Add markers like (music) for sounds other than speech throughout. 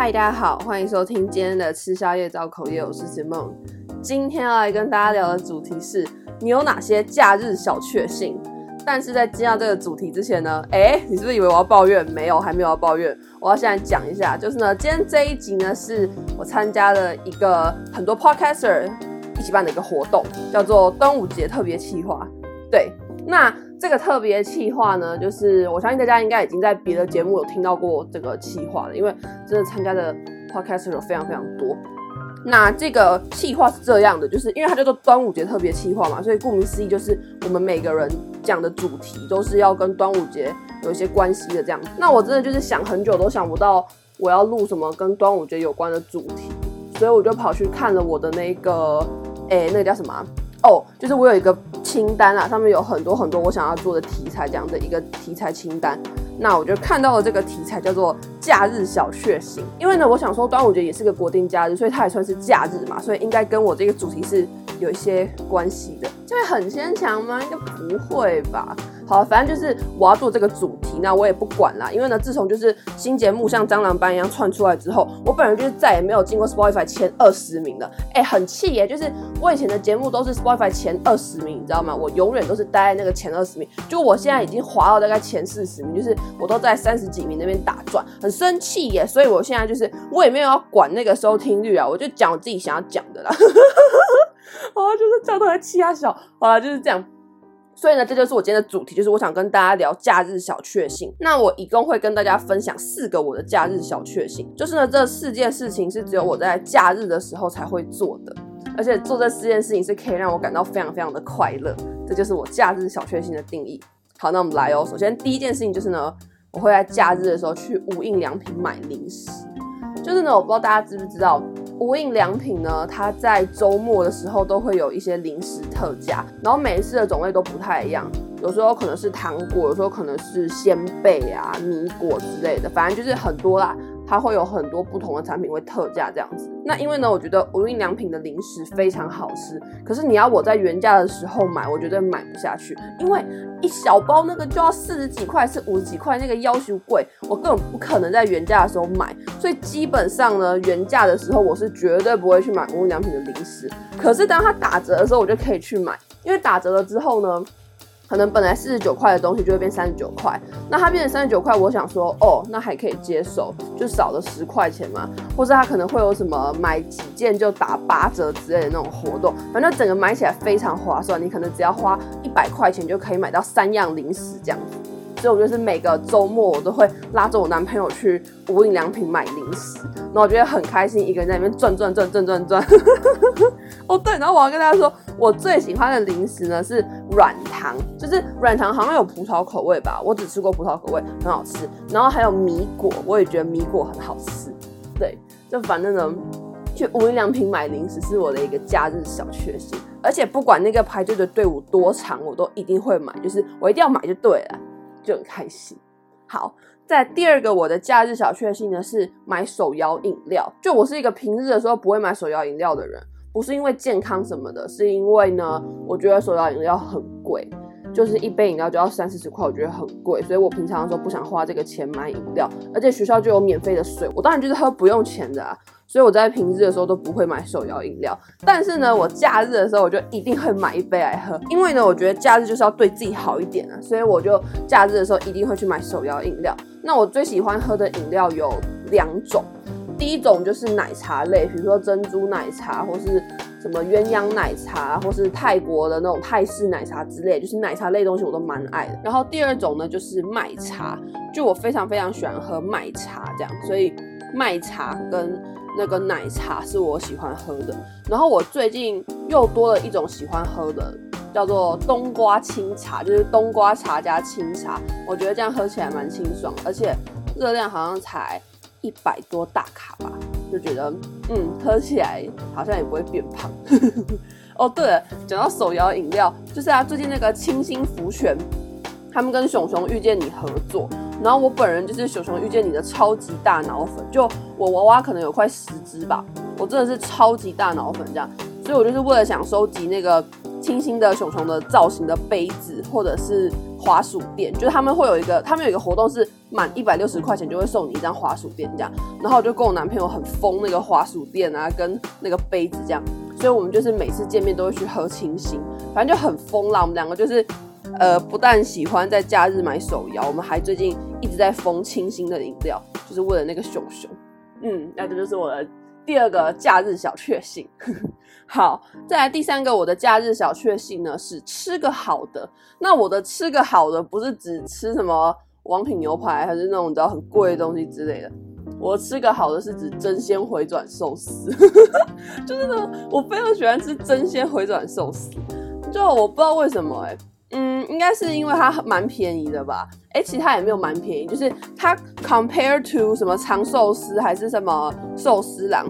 嗨，大家好，歡迎收聽今天的吃宵夜、造口業，我是 Simon。今天要來跟大家聊的主題是，你有哪些假日小確幸？但是在接到這個主題之前呢，誒你是不是以為我要抱怨？沒有，還沒有要抱怨。我要先來講一下，就是呢，今天這一集呢，是我參加了一個很多 Podcaster 一起辦的一個活動，叫做端午節特別企劃。對，那。這個特別企劃呢，就是我相信大家應該已經在別的節目有聽到過這個企劃了，因為真的參加的 Podcast 有非常非常多。那這個企劃是這樣的，就是因為它叫做端午節特別企劃嘛，所以顧名思義，就是我們每個人講的主題都是要跟端午節有一些關係的這樣子。那我真的就是想很久都想不到我要錄什麼跟端午節有關的主題，所以我就跑去看了我的那個，誒、欸、那個叫什麼啊？哦、oh，就是我有一個清單啊，上面有很多很多我想要做的題材這樣的一個題材清單。那我就看到了這個題材叫做“假日小確幸”，因為呢，我想說端午節也是個國定假日，所以它也算是假日嘛，所以應該跟我這個主題是有一些關係的。這會很牽強嗎？應該不會吧。好，反正就是我要做這個主題，那我也不管了，因為呢，自從就是新節目像蟑螂般一樣竄出來之後，我本人就是再也沒有進過 Spotify 前二十名了。哎、欸，很氣耶！就是我以前的節目都是 Spotify 前二十名，你知道嗎？我永遠都是待在那個前二十名，就我現在已經滑到大概前四十名，就是我都在三十幾名那邊打轉，很生氣耶！所以我現在就是我也沒有要管那個收聽率啊，我就講我自己想要講的啦。啊 (laughs) 就是叫他來氣壓小，好啦，就是這樣。所以呢，這就是我今天的主題，就是我想跟大家聊假日小確幸。那我一共會跟大家分享四個我的假日小確幸，就是呢，這四件事情是只有我在假日的時候才會做的，而且做這四件事情是可以讓我感到非常非常的快樂。這就是我假日小確幸的定義。好，那我們來哦。首先第一件事情就是呢，我會在假日的時候去無印良品買零食。就是呢，我不知道大家知不知道。無印良品呢，它在周末的時候都會有一些零食特價，然後每一次的種類都不太一樣，有時候可能是糖果，有時候可能是仙貝啊、米果之類的，反正就是很多啦。它會有很多不同的產品會特價這樣子，那因為呢，我覺得無印良品的零食非常好吃，可是你要我在原價的時候買，我絕對買不下去，因為一小包那個就要四十幾塊，是五十幾塊，那個要求貴，我根本不可能在原價的時候買，所以基本上呢，原價的時候我是絕對不會去買無印良品的零食，可是當它打折的時候，我就可以去買，因為打折了之後呢。可能本來四十九塊的東西就會變三十九塊，那它變成三十九塊，我想說，哦，那還可以接受，就少了十塊錢嘛，或是它可能會有什麼買幾件就打八折之類的那種活動，反正整個買起來非常划算，你可能只要花一百塊錢就可以買到三樣零食這樣子。所以，我就是每個周末我都會拉着我男朋友去無印良品買零食，然後我覺得很開心，一個人在那邊轉轉轉轉轉轉。 (laughs) 哦對，然後我要跟大家說，我最喜歡的零食呢是軟糖，就是軟糖好像有葡萄口味吧，我只吃過葡萄口味，很好吃。然後還有米果，我也覺得米果很好吃。對，就反正呢，去無印良品買零食是我的一個假日小確幸，而且不管那個排隊的隊伍多長，我都一定會買，就是我一定要買就對了。就很開心。好，再來第二個我的假日小確幸呢，是買手搖飲料。就我是一個平日的時候不會買手搖飲料的人，不是因為健康什麼的，是因為呢，我覺得手搖飲料很貴。就是一杯飲料就要三四十塊，我覺得很貴，所以我平常的時候不想花這個錢買飲料，而且學校就有免費的水，我當然就是喝不用錢的啊，所以我在平日的時候都不會買手搖飲料。但是呢，我假日的時候，我就一定會買一杯來喝，因為呢，我覺得假日就是要對自己好一點啊，所以我就假日的時候一定會去買手搖飲料。那我最喜歡喝的飲料有兩種。第一種就是奶茶類，比如說珍珠奶茶或是什麼鴛鴦奶茶，或是泰國的那種泰式奶茶之類，就是奶茶類東西我都蠻愛的。然後第二種呢，就是麥茶，就我非常非常喜歡喝麥茶這樣，所以麥茶跟那個奶茶是我喜歡喝的。然後我最近又多了一種喜歡喝的，叫做冬瓜清茶，就是冬瓜茶加清茶，我覺得這樣喝起來蠻清爽，而且熱量好像才。一百多大卡吧，就覺得嗯，喝起來好像也不會變胖。哦、 (laughs) oh，對了，講到手搖飲料，就是啊，最近那個清心福全，他們跟熊熊遇見你合作，然後我本人就是熊熊遇見你的超級大腦粉，就我娃娃可能有快十隻吧，我真的是超級大腦粉這樣，所以我就是為了想收集那個清心的熊熊的造型的杯子，或者是。滑鼠墊，就是他們會有一個，他們有一個活動是滿一百六十塊錢就會送你一張滑鼠墊這樣，然後我就跟我男朋友很瘋那個滑鼠墊啊，跟那個杯子這樣，所以我們就是每次見面都會去喝清新，反正就很瘋啦。我們兩個就是，呃，不但喜歡在假日買手搖，我們還最近一直在瘋清新的飲料，就是為了那個熊熊。嗯，那這就，就是我的第二個假日小確幸。 (laughs) 好，再來第三個，我的假日小確幸呢是吃個好的。那我的吃個好的不是只吃什麼王品牛排，還是那種你知道很貴的東西之類的。我的吃個好的是指爭鮮迴轉壽司， (laughs) 就是呢，我非常喜歡吃爭鮮迴轉壽司。就我不知道為什麼誒、欸、嗯，應該是因為它蠻便宜的吧？誒、欸，其他也沒有蠻便宜，就是它 compare to 什麼藏壽司還是什麼壽司郎。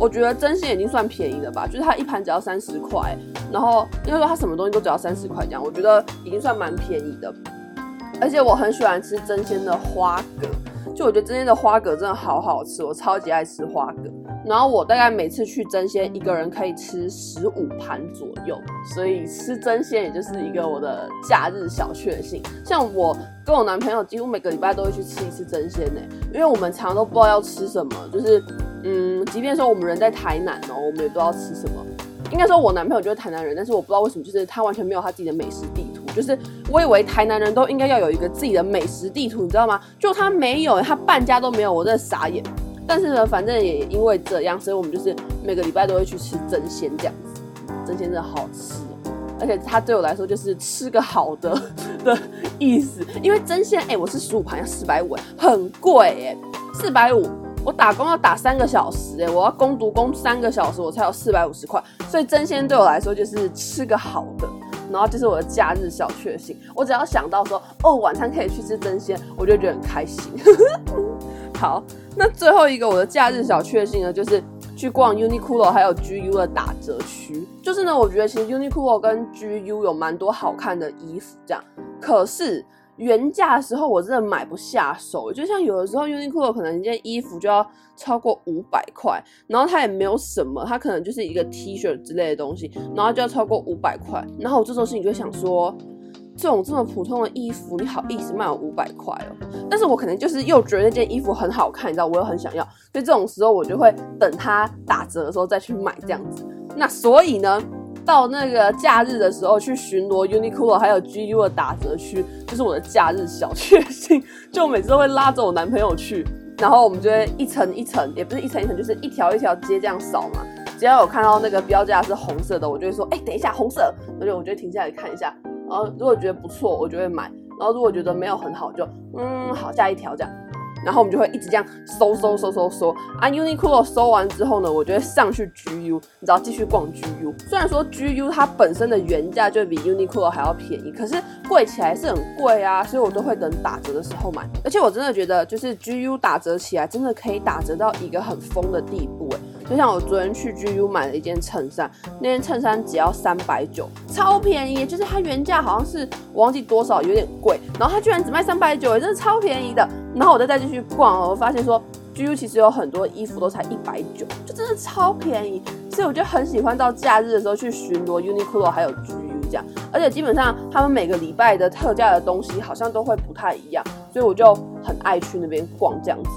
我覺得爭鮮已經算便宜了吧，就是它一盤只要三十塊，然後因為說它什麼東西都只要三十塊這樣，我覺得已經算蠻便宜的，而且我很喜歡吃爭鮮的花蛤。就我覺得爭鮮的花蛤真的好好吃，我超級愛吃花蛤。然後我大概每次去爭鮮，一個人可以吃十五盤左右，所以吃爭鮮也就是一個我的假日小確幸。像我跟我男朋友幾乎每個禮拜都會去吃一次爭鮮欸，因為我們常常都不知道要吃什麼，就是嗯，即便說我們人在台南哦，我們也不知道吃什麼。應該說我男朋友就是台南人，但是我不知道為什麼，就是他完全沒有他自己的美食地圖。就是我以為台南人都應該要有一個自己的美食地圖，你知道嗎？就他沒有，他半家都沒有，我真的傻眼。但是呢，反正也因為這樣，所以我們就是每個禮拜都會去吃爭鮮這樣子。爭鮮真的好吃，而且它對我來說就是吃個好的的意思。因為爭鮮，哎、欸，我是十五盤要四百五，很貴哎，四百五，我打工要打三個小時哎，我要工讀工三個小時，我才有四百五十塊，所以爭鮮對我來說就是吃個好的。然後這是我的假日小確幸，我只要想到說，哦，晚餐可以去吃爭鮮，我就覺得很開心。 (laughs) 好，那最後一個我的假日小確幸呢，就是去逛 Uniqlo 還有 GU 的打折區。就是呢，我覺得其實 Uniqlo 跟 GU 有蠻多好看的衣服，這樣。可是。原價的時候我真的買不下手，就像有的時候 Uniqlo 可能一件衣服就要超過五百塊，然後它也沒有什麼，它可能就是一個 T 恤之類的東西，然後就要超過五百塊。然後我這時候心裡就會想說，這種這麼普通的衣服，你好意思賣我五百塊哦？但是我可能就是又覺得那件衣服很好看，你知道，我又很想要，所以這種時候我就會等它打折的時候再去買這樣子。那所以呢？到那個假日的時候去巡邏，Uniqlo 還有 GU 的打折區，就是我的假日小確幸。就每次都會拉着我男朋友去，然後我們就會一層一層，也不是一層一層，就是一條一條街這樣掃嘛。只要有看到那個標價是紅色的，我就會說：“哎、欸，等一下，紅色。”我就我就停下來看一下，然後如果覺得不錯，我就會買；然後如果覺得沒有很好，就嗯，好，下一條這樣。然後我們就會一直這樣搜搜搜搜搜啊，Uniqlo 搜完之後呢，我就會上去 GU，你知道繼續逛 GU。雖然說 GU 它本身的原價就比 Uniqlo 還要便宜，可是貴起來是很貴啊，所以我都會等打折的時候買。而且我真的覺得，就是 GU 打折起來真的可以打折到一個很瘋的地步誒、欸、就像我昨天去 GU 買了一件襯衫，那件襯衫只要三百九，超便宜，就是它原價好像是我忘記多少有點貴，然後它居然只賣三百九，也真的超便宜的。然後我再再繼續逛，我發現說 GU 其實有很多衣服都才一百九，就真的超便宜。所以我就很喜歡到假日的時候去巡邏 Uniqlo 還有 GU 這樣，而且基本上他們每個禮拜的特價的東西好像都會不太一樣，所以我就很愛去那邊逛這樣子。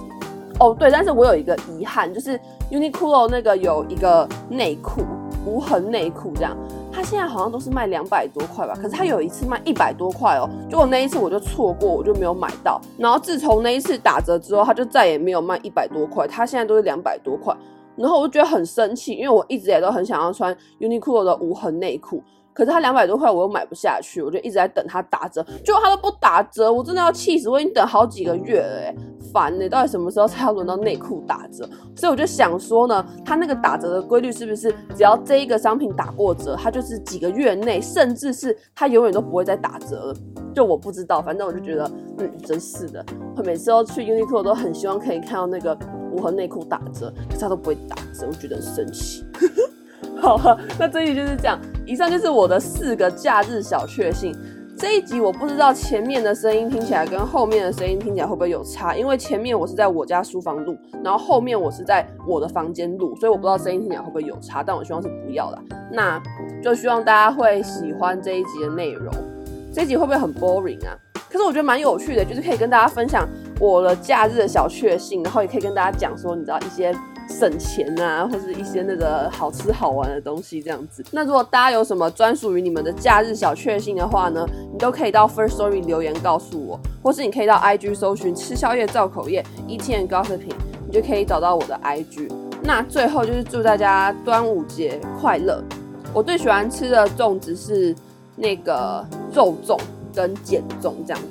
哦，對，但是我有一個遺憾，就是 Uniqlo 那個有一個內褲，無痕內褲這樣。他現在好像都是賣兩百多塊吧，可是他有一次賣一百多塊哦、喔，結果那一次我就錯過，我就沒有買到。然後自從那一次打折之後，他就再也沒有賣一百多塊，他現在都是兩百多塊。然後我就覺得很生氣，因為我一直也都很想要穿 Uniqlo 的無痕內褲。可是它兩百多塊，我又買不下去，我就一直在等它打折，結果它都不打折，我真的要氣死！我已經等好幾個月了、欸，哎，煩！呢。到底什麼時候才要輪到內褲打折？所以我就想說呢，它那個打折的規律是不是只要這一個商品打過折，它就是幾個月內，甚至是它永遠都不會再打折了？就我不知道，反正我就覺得，嗯，真是的！我每次要去 Uniqlo，都很希望可以看到那個無痕內褲打折，可是它都不會打折，我覺得很神奇。 (laughs) 好啊，那這一集就是這樣。以上就是我的四個假日小確幸。這一集我不知道前面的聲音聽起來跟後面的聲音聽起來會不會有差，因為前面我是在我家書房錄，然後後面我是在我的房間錄，所以我不知道聲音聽起來會不會有差，但我希望是不要的。那就希望大家會喜歡這一集的內容。這一集會不會很 boring 啊？可是我覺得蠻有趣的，就是可以跟大家分享我的假日的小確幸，然後也可以跟大家講說，你知道一些。省錢啊，或是一些那個好吃好玩的東西這樣子。那如果大家有什麼專屬於你們的假日小確幸的話呢，你都可以到 Firstory 留言告訴我，或是你可以到 IG 搜尋吃宵夜造口業 eating and gossiping 你就可以找到我的 IG。那最後就是祝大家端午節快樂！我最喜歡吃的粽子是那個肉粽跟鹼粽這樣子。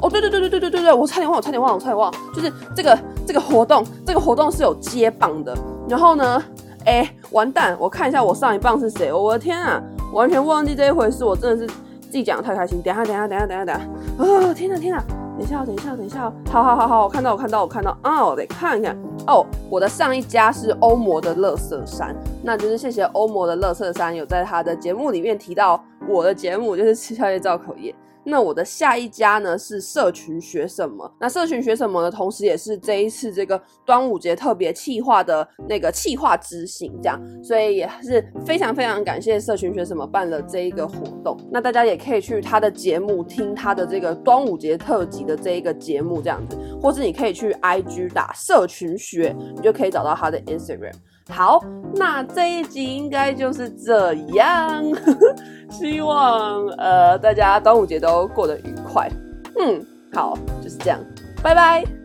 哦，對對對對對對對對，我差點忘了，我差點忘了，我差點忘了，就是這個。這個活動，這個活動是有接棒的。然後呢，哎、欸，完蛋！我看一下我上一棒是誰？我的天啊，完全忘記這一回事。我真的是自己講得太開心。等下，等下，等下，等下，等下。啊，天吶天吶，等一下，等一下，等一下好，啊，好，好，好，好，我看到，我看到，我看到啊，哦！我得看一下。哦、oh，我的上一家是歐摩的樂色山，那就是謝謝歐摩的樂色山有在他的節目裡面提到我的節目，就是吃宵夜造口業。那我的下一家呢是社群學什麼？那社群學什麼的同時，也是這一次這個端午節特別企劃的那個企劃執行，這樣，所以也是非常非常感謝社群學什麼辦了這一個活動。那大家也可以去他的節目聽他的這個端午節特輯的這一個節目，這樣子。或者你可以去 IG 打社群學，你就可以找到他的 Instagram。好，那這一集應該就是這樣， (laughs) 希望呃大家端午節都過得愉快。嗯，好，就是這樣，拜拜。